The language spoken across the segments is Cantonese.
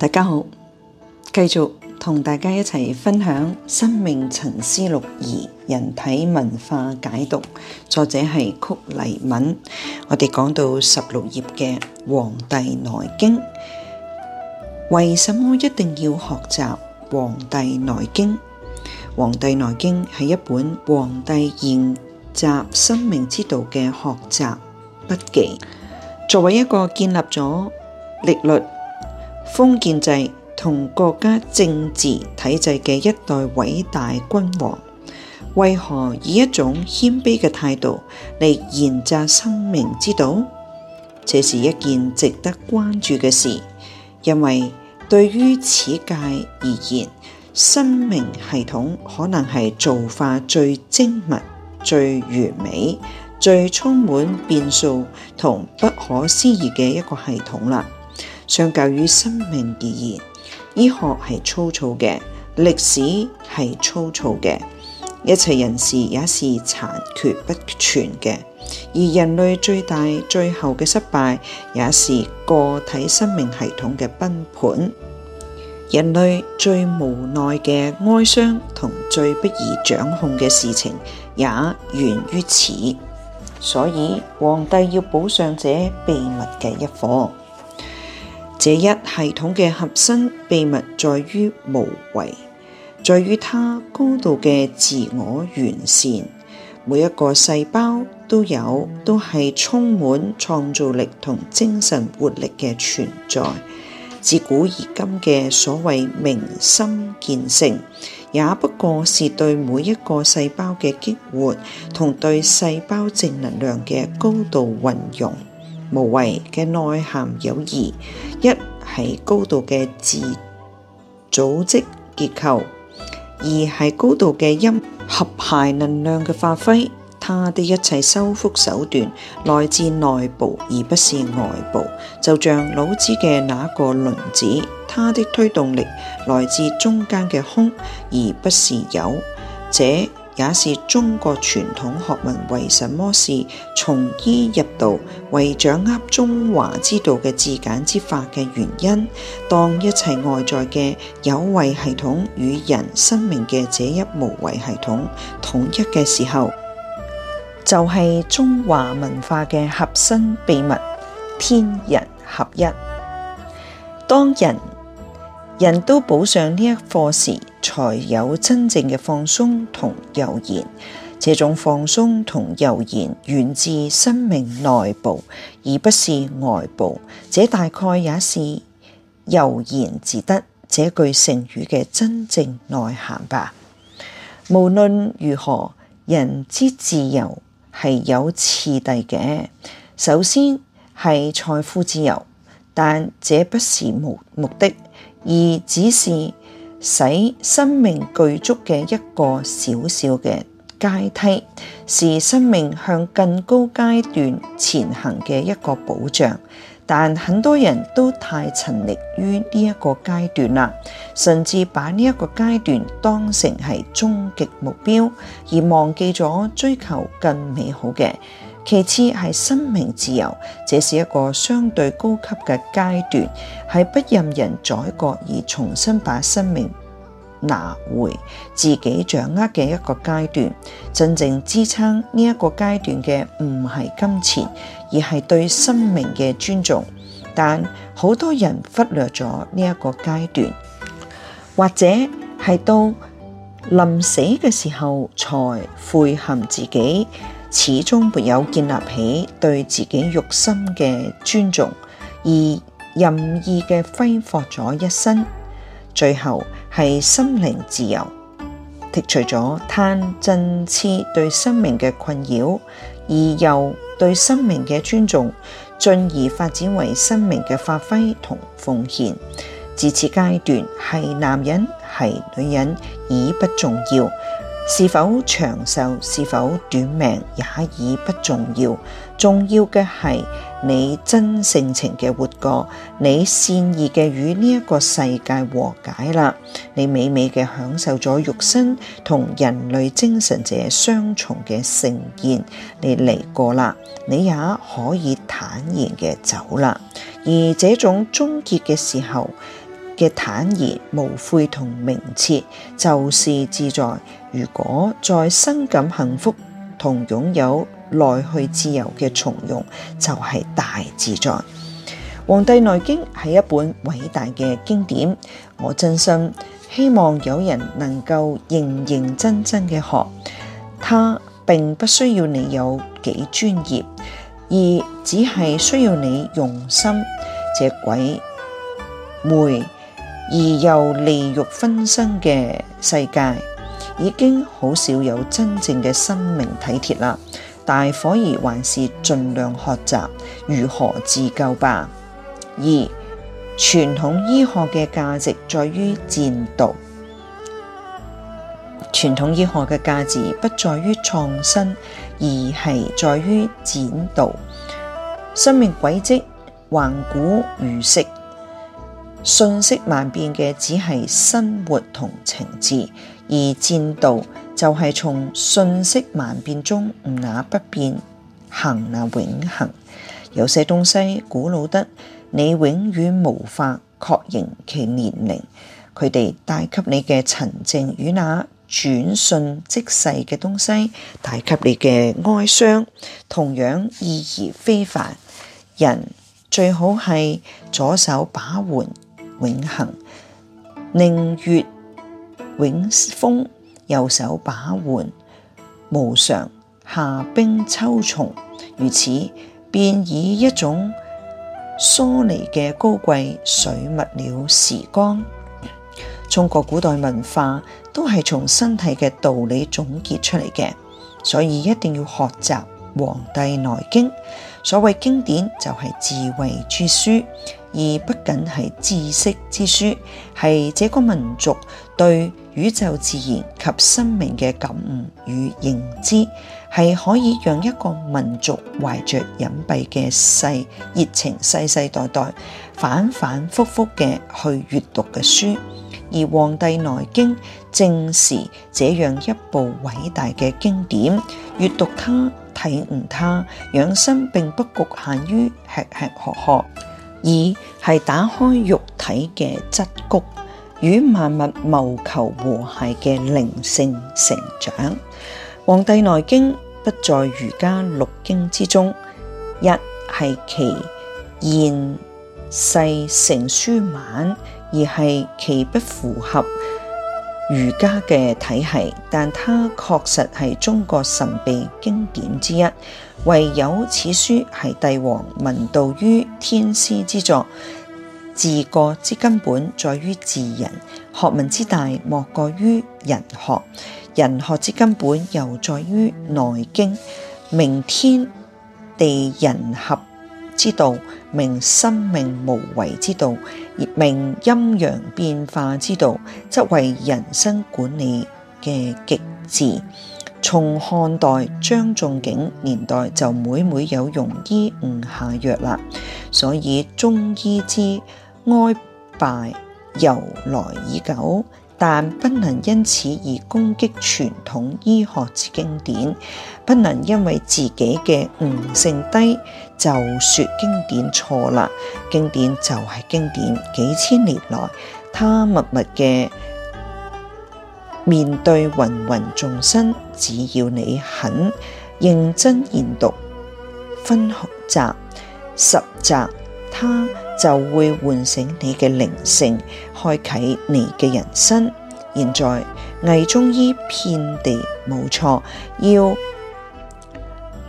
大家好，繼續同大家一齊分享《生命沉思錄二：人體文化解讀》，作者係曲黎敏。我哋講到十六頁嘅《黃帝內經》，為什麼一定要學習《黃帝內經》？《黃帝內經》係一本黃帝研習：生命之道嘅學習筆記。作為一個建立咗歷律，封建制同國家政治體制嘅一代偉大君王，為何以一種謙卑嘅態度嚟研究生命之道？這是一件值得關注嘅事，因為對於此界而言，生命系統可能係造化最精密、最完美、最充滿變數同不可思議嘅一個系統啦。相較於生命而言，醫學係粗糙嘅，歷史係粗糙嘅，一切人事也是殘缺不全嘅。而人類最大最後嘅失敗，也是個體生命系統嘅崩盤。人類最無奈嘅哀傷同最不易掌控嘅事情，也源於此。所以黃帝要補上這秘密嘅一課。這一系統嘅核心秘密，在於無為，在於它高度嘅自我完善。每一個細胞都有，都係充滿創造力同精神活力嘅存在。自古而今嘅所謂明心見性，也不過是對每一個細胞嘅激活，同對細胞正能量嘅高度運用。無為嘅內涵有二：一係高度嘅自組織結構；二係高度嘅音合諧能量嘅發揮。它的一切修復手段來自內部，而不是外部。就像老子嘅那個輪子，它的推動力來自中間嘅空，而不是有。這也是中國傳統學問為什麼是從醫入道，為掌握中華之道嘅自簡之法嘅原因。當一切外在嘅有為系統與人生命嘅這一無為系統統一嘅時候，就係、是、中華文化嘅核心秘密——天人合一。當人人都補上呢一課時。才有真正嘅放鬆同悠然，這種放鬆同悠然源自生命內部，而不是外部。這大概也是悠然自得這句成語嘅真正內涵吧。無論如何，人之自由係有次第嘅。首先係財富自由，但這不是目的，而只是。使生命具足嘅一個小小嘅階梯，是生命向更高階段前行嘅一個保障。但很多人都太沉溺於呢一個階段啦，甚至把呢一個階段當成係終極目標，而忘記咗追求更美好嘅。其次係生命自由，這是一個相對高級嘅階段，係不任人宰割而重新把生命拿回自己掌握嘅一個階段，真正支撐呢一個階段嘅唔係金錢，而係對生命嘅尊重。但好多人忽略咗呢一個階段，或者係到臨死嘅時候，才悔恨自己始終沒有建立起對自己肉身嘅尊重，而任意嘅揮霍咗一生。最後係心靈自由，剔除咗貪嗔癡對生命嘅困擾，而又對生命嘅尊重，進而發展為生命嘅發揮同奉獻。自此階段，係男人係女人已不重要，是否長壽是否短命也已不重要，重要嘅係。你真性情嘅活過，你善意嘅與呢一個世界和解啦，你美美嘅享受咗肉身同人類精神者雙重嘅盛宴，你嚟過啦，你也可以坦然嘅走啦。而這種終結嘅時候嘅坦然無悔同明澈，就是自在。如果再深感幸福同擁有。來去自由嘅從容就係大自在。《黃帝內經》係一本偉大嘅經典。我真心希望有人能夠認認真真嘅學，他並不需要你有幾專業，而只係需要你用心。這鬼梅而又利欲分身嘅世界，已經好少有真正嘅生命體貼啦。大伙兒還是盡量學習如何自救吧。二、傳統醫學嘅價值在於剪道，傳統醫學嘅價值不在於創新，而係在於剪道。生命軌跡環古如昔，瞬息萬變嘅只係生活同情志，而剪道。就係從瞬息萬變中，唔那不變，行那永恒。有些東西古老得，你永遠無法確認其年齡。佢哋帶給你嘅沉靜，與那轉瞬即逝嘅東西，帶給你嘅哀傷，同樣意義非凡。人最好係左手把玩永恒，寧願永風，右手把玩無常，夏冰秋蟲，如此便以一種疏離嘅高貴水物了時光。中國古代文化都係從身體嘅道理總結出嚟嘅，所以一定要學習《黃帝內經》。所謂經典就係智慧之書。而不僅係知識之書，係這個民族對宇宙自然及生命嘅感悟與認知，係可以讓一個民族懷着隱蔽嘅世熱情，世世代代反反覆覆嘅去閲讀嘅書。而《黃帝內經》正是這樣一部偉大嘅經典，閲讀它、體悟它，養生並不局限於吃吃喝喝。二係打開肉體嘅桎梏，與萬物謀求和諧嘅靈性成長。《黃帝內經》不在儒家六經之中，一係其現世成書晚，二係其不符合，儒家嘅體系，但它確實係中國神秘經典之一。唯有此書係帝王問道於天師之作。治國之根本在於治人，學問之大莫過於人學，人學之根本又在於內經。明天地人合之道，明生命無為之道，而明陰陽變化之道，則為人生管理嘅極致。從漢代張仲景年代就每每有庸醫誤下藥啦，所以中醫之哀敗由來已久。但不能因此而攻擊傳統醫學之經典，不能因為自己嘅悟性低就說經典錯啦。經典就係經典，幾千年來，他默默嘅面對芸芸眾生，只要你肯認真研讀、分學習、實習，他。就會喚醒你嘅靈性，開啟你嘅人生。現在偽中醫遍地，冇錯，要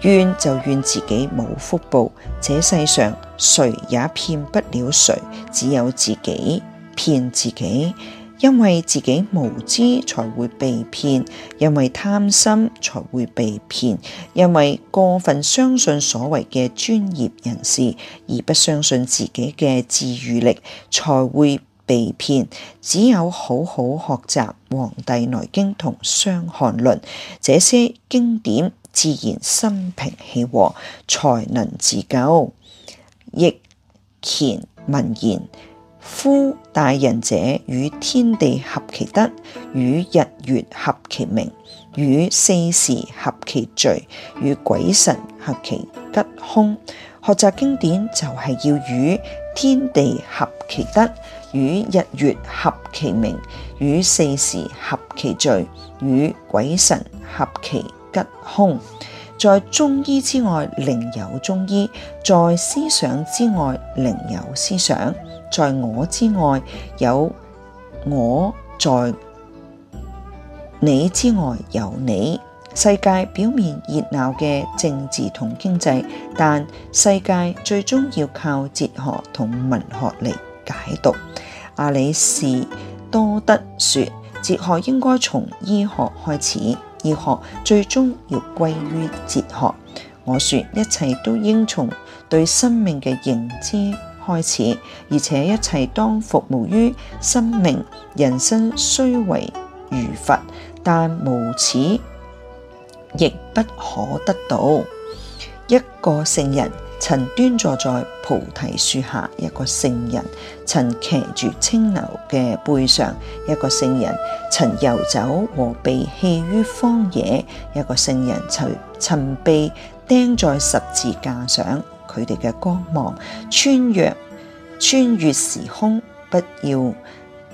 怨就怨自己冇福報。這世上誰也騙不了誰，只有自己，騙自己。因為自己無知，才會被騙；因為貪心，才會被騙；因為過分相信所謂嘅專業人士，而不相信自己嘅自愈力，才會被騙。只有好好學習《黃帝內經》同《傷寒論》這些經典，自然心平氣和，才能自救。易乾文言。夫大人者，與天地合其德，與日月合其名，與四時合其序，與鬼神合其吉凶。學習經典就係要與天地合其德，與日月合其名，與四時合其序，與鬼神合其吉凶。在中醫之外，另有中醫；在思想之外，另有思想。在我之外有我，在你之外有你。世界表面熱鬧嘅政治同經濟，但世界最終要靠哲學同文學嚟解讀。阿里士多德說哲學應該從醫學開始，醫學最終要歸於哲學，我說一切都應從對生命嘅認知開始，而且一切當服務於生命。人生雖為如佛，但無此亦不可得到。一個聖人曾端坐在菩提樹下，一個聖人曾騎住青牛嘅背上，一個聖人曾遊走和被棄於荒野，一個聖人曾曾被釘在十字架上。佢哋嘅光芒穿越穿越時空，不要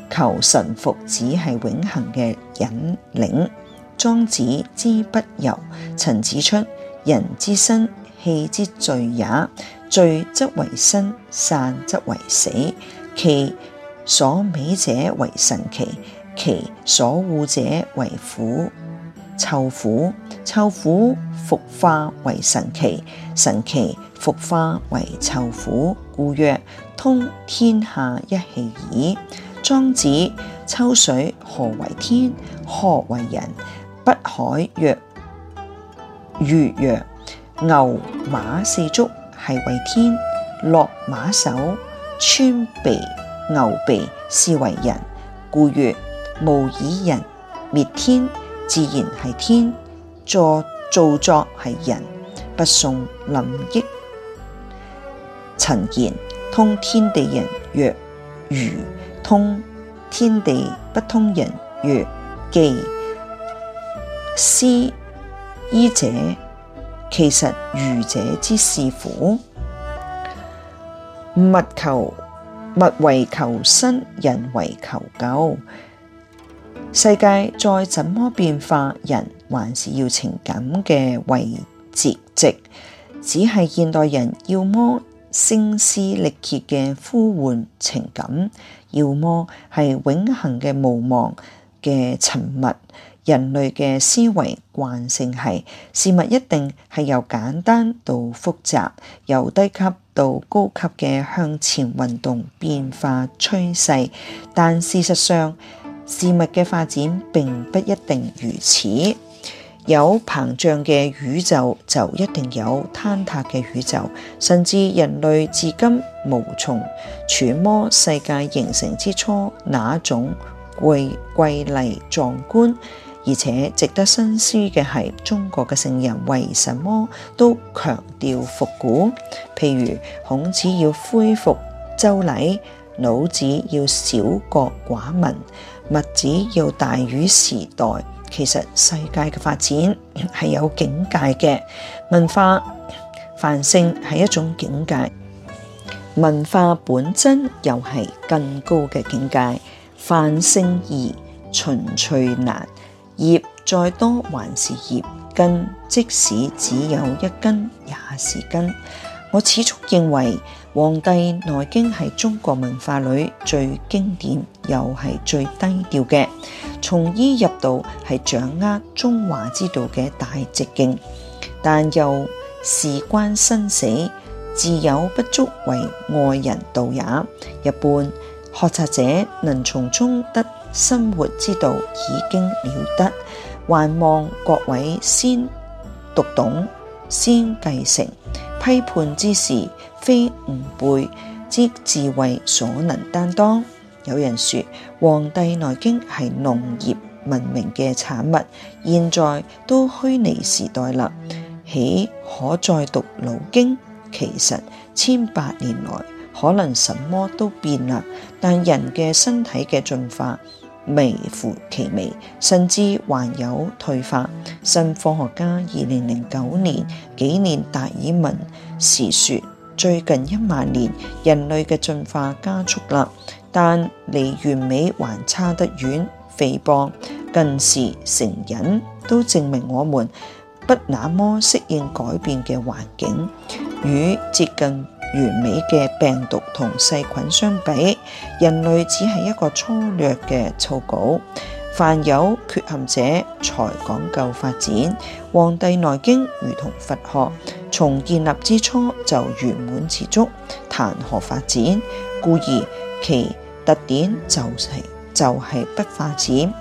求神服只係永恒嘅引領。莊子知北遊曾指出：人之生，氣之聚也；聚則為生，散則為死。其所美者為神奇，其所惡者為苦。臭腐臭腐，復化為神奇；神奇復化為臭腐，故曰通天下一氣耳。莊子：秋水何為天？何為人？北海曰：若曰牛馬四足，是為天；落馬首，穿鼻牛鼻，是為人。故曰：無以人滅天。自然係天，作造作係人。不送林益陳言，通天地人曰儒，通天地不通人曰技。師醫者，其實愚者之是乎？勿求，勿為求生，人為求救。世界再怎麼變化人，人還是要情感嘅慰藉。只係現代人，要麼聲嘶力竭嘅呼喚情感，要麼係永恒嘅無望嘅沉默。人類嘅思維慣性係事物一定係由簡單到複雜，由低級到高級嘅向前運動變化趨勢，但事實上。事物嘅發展並不一定如此，有膨脹嘅宇宙就一定有坍塌嘅宇宙，甚至人類至今無從揣摩世界形成之初那種瑰瑰麗壯觀。而且值得深思嘅係，中國嘅聖人為什麼都強調復古？譬如孔子要恢復周禮，老子要小國寡民。物質要大於時代，其實世界嘅發展係有境界嘅。文化繁盛係一種境界，文化本真又係更高嘅境界。繁盛易，純粹難。葉再多還是葉，根即使只有一根也是根。我始終認為。《黃帝內經》係中國文化裏最經典又係最低調嘅，從醫入道係掌握中華之道嘅大捷徑，但又事關生死，自有不足為外人道也。一般學習者能從中得生活之道已經了得，還望各位先讀懂先繼承，批判之事。非吾輩之智慧所能擔當。有人說《黃帝內經》係農業文明嘅產物，現在都虛擬時代啦，豈可再讀老經？其實千百年來可能什麼都變啦，但人嘅身體嘅進化微乎其微，甚至還有退化。新科學家二零零九年紀念達爾文時說。最近一萬年，人類嘅進化加速啦，但離完美還差得遠。肥胖、近視、成人，都證明我們不那麼適應改變嘅環境。與接近完美嘅病毒同細菌相比，人類只係一個粗略嘅草稿。凡有缺陷者，才講究發展。《黃帝內經》如同佛學。從建立之初就圓滿持續，談何發展？故而其特點就係就係不發展。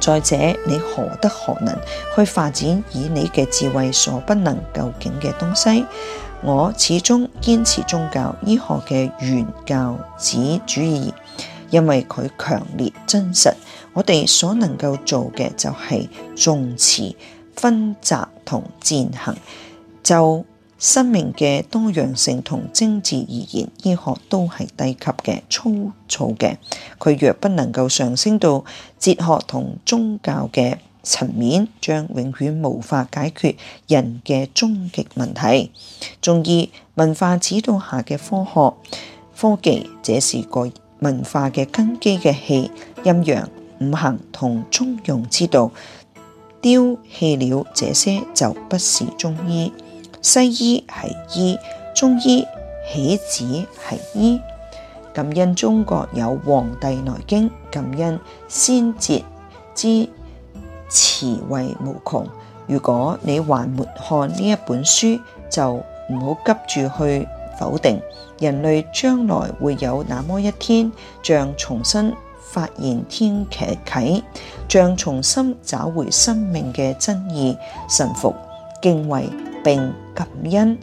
再者，你何德何能去發展以你嘅智慧所不能究竟嘅東西？我始終堅持宗教醫學嘅原教旨主義，因為佢強烈真實。我哋所能夠做嘅就係重詞分責同踐行。就生命嘅多樣性同精致而言，醫學都係低級嘅，粗糙嘅。佢若不能夠上升到哲學同宗教嘅層面，將永遠無法解決人嘅終極問題。中醫文化指導下嘅科學科技，這是個文化嘅根基嘅氣陰陽五行同中庸之道，丟棄了這些就不是中醫。西醫係醫，中醫豈止係醫。感恩中國有《黃帝內經》，感恩先哲之慈惠無窮。如果你還沒看呢一本書，就唔好急住去否定。人類將來會有那麼一天，像重新發現天啟啟，像重新找回生命嘅真意、神服、敬畏並。感恩，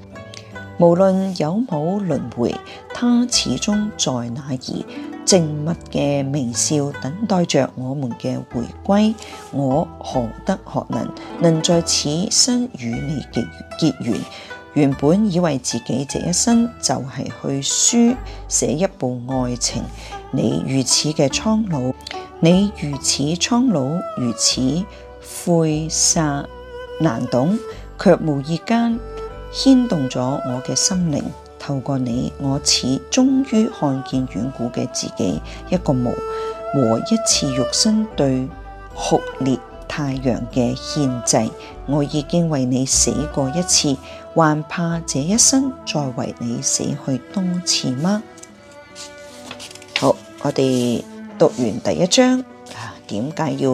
無論有冇輪回，他始終在那兒，靜默嘅微笑等待着我們嘅回歸。我何德何能，能在此生與你結結緣？原本以為自己這一生就係去書寫一部愛情，你如此嘅蒼老，你如此蒼老，如此晦澀難懂，卻無意間。牽動咗我嘅心靈，透過你，我始終於看見遠古嘅自己，一個模和一次肉身對酷烈太陽嘅獻祭。我已經為你死過一次，還怕這一生再為你死去多次嗎？好，我哋讀完第一章，啊，點解要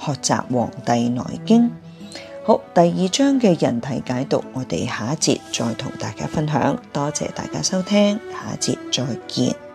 學習《黃帝內經》？好，第二章嘅人體解讀，我哋下一節再同大家分享。多謝大家收聽，下一節再見。